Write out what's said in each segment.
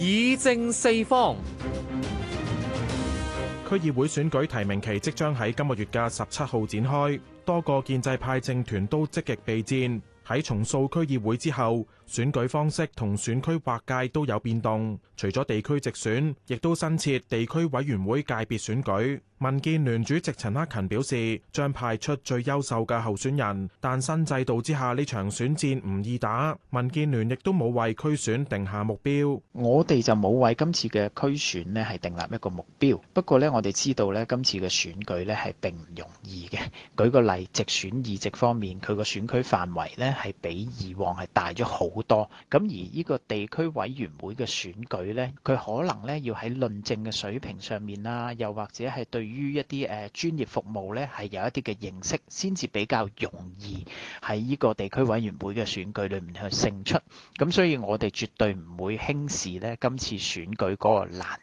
議政四方。區議會選舉提名期即將喺今個月嘅十七號展開，多個建制派政團都積極備戰。喺重塑區議會之後，選舉方式同選區劃界都有變動，除咗地區直選，亦都新設地區委員會界別選舉。民建聯主席陳克勤表示，將派出最優秀嘅候選人，但新制度之下呢場選戰唔易打。民建聯亦都冇為區選定下目標。我哋就冇為今次嘅區選呢係定立一個目標。不過呢，我哋知道呢，今次嘅選舉呢係並唔容易嘅。舉個例，直選議席方面，佢個選區範圍呢係比以往係大咗好多。咁而呢個地區委員會嘅選舉呢，佢可能呢要喺論證嘅水平上面啦，又或者係對於一啲誒專業服務呢係有一啲嘅認識，先至比較容易喺呢個地區委員會嘅選舉裏面去勝出。咁所以我哋絕對唔會輕視呢今次選舉嗰個難。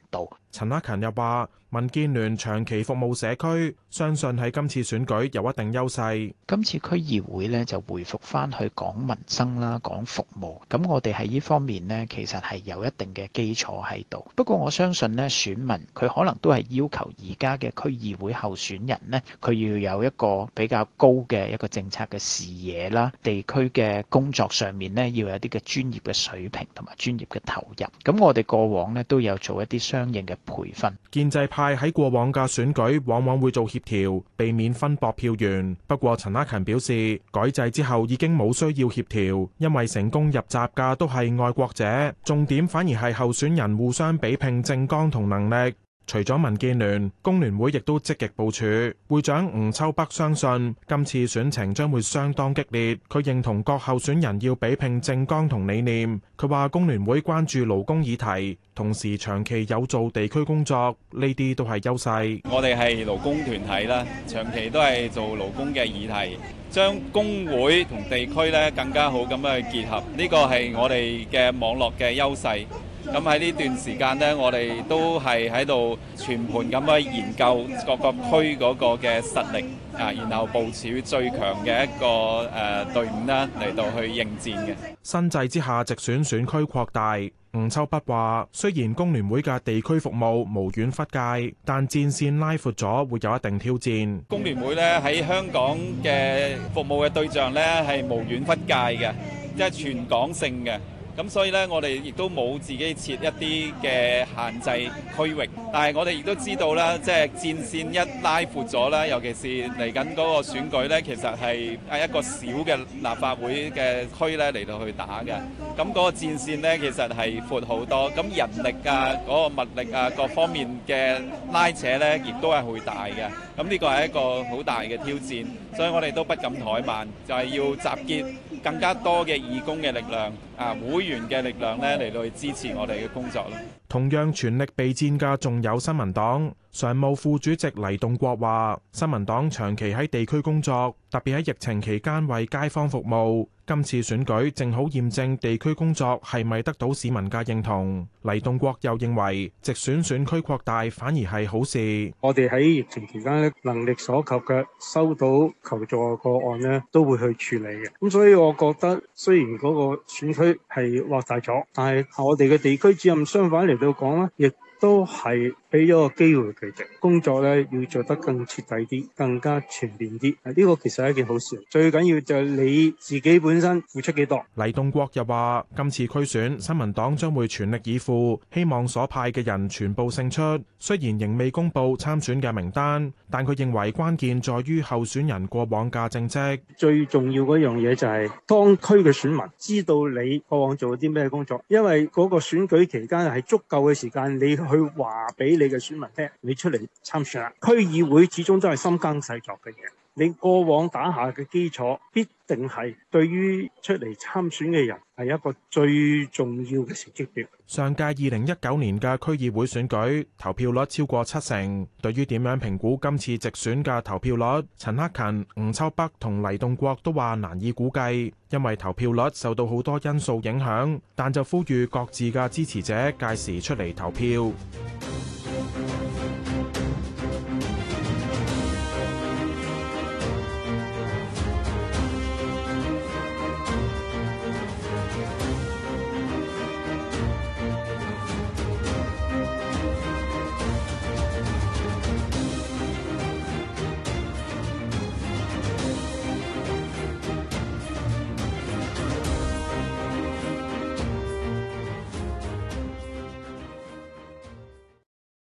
陳克勤又話民建聯長期服務社區，相信喺今次選舉有一定優勢，今次區議會咧就回復翻去講民生啦，講服務，咁我哋喺呢方面咧，其實，係有一定嘅基礎喺度。不過我相信咧，選民佢可能都係要求而家嘅區議會候選人咧，佢要有一個比較高嘅一個政策嘅視野啦，地區嘅工作上面咧要有啲嘅專業嘅水平同埋專業嘅投入。咁我哋過往咧都有做一啲相。相應嘅培訓，建制派喺過往嘅選舉往往會做協調，避免分薄票源。不過，陳克勤表示，改制之後已經冇需要協調，因為成功入閘嘅都係愛國者，重點反而係候選人互相比拼政綱同能力。除了民建聯，工聯會亦都積極部署。會長吳秋北相信，今次選情將會相當激烈。佢認同各候選人要比拼政綱同理念。佢話，工聯會關注勞工議題，同時長期有做地區工作，呢啲都係優勢。我哋係勞工團體啦，長期都係做勞工嘅議題，將工會同地區更加好噉去結合。呢個係我哋嘅網絡嘅優勢。咁喺呢段時間咧，我哋都係喺度全盤咁樣研究各個區嗰個嘅實力啊，然後部署最強嘅一個誒隊伍咧嚟到去應戰嘅。新制之下，直選選區擴大，吳秋北話，雖然工聯會嘅地區服務無遠弗屆，但戰線拉闊咗，會有一定挑戰。工聯會咧喺香港嘅服務嘅對象咧係無遠弗屆嘅，即係全港性嘅。咁所以咧，我哋亦都冇自己設一啲嘅限制區域，但係我哋亦都知道啦，即係戰線一拉闊咗啦，尤其是嚟緊嗰個選舉咧，其實係啊一個小嘅立法會嘅區咧嚟到去打嘅。咁嗰個戰線咧，其實係闊好多，咁人力啊、嗰、那個物力啊，各方面嘅拉扯咧，亦都係好大嘅。咁呢個係一個好大嘅挑戰，所以我哋都不敢怠慢，就係、是、要集結更加多嘅義工嘅力量。啊，會員嘅力量咧，嚟到去支持我哋嘅工作咯。同樣全力備戰嘅仲有新民黨常務副主席黎棟國話，新民黨長期喺地區工作，特別喺疫情期間為街坊服務。今次選舉正好驗證地區工作係咪得到市民嘅認同。黎棟國又認為，直選選區擴大反而係好事。我哋喺疫情期間呢，能力所及嘅收到求助個案呢，都會去處理嘅。咁所以我覺得，雖然嗰個選區係擴大咗，但係我哋嘅地區主任相反嚟。嚟到講咧，亦都係。俾咗個機會佢哋工作咧，要做得更徹底啲，更加全面啲。呢個其實係一件好事。最緊要就係你自己本身付出幾多。黎棟國又話：今次區選，新民黨將會全力以赴，希望所派嘅人全部勝出。雖然仍未公布參選嘅名單，但佢認為關鍵在於候選人過往嘅政績。最重要嗰樣嘢就係當區嘅選民知道你過往做咗啲咩工作，因為嗰個選舉期間係足夠嘅時間，你去話俾。你嘅選民聽你出嚟參選啦，區議會始終都係深耕細作嘅嘢。你過往打下嘅基礎，必定係對於出嚟參選嘅人係一個最重要嘅成績表。上屆二零一九年嘅區議會選舉投票率超過七成，對於點樣評估今次直選嘅投票率，陳克勤、吳秋北同黎棟國都話難以估計，因為投票率受到好多因素影響。但就呼籲各自嘅支持者屆時出嚟投票。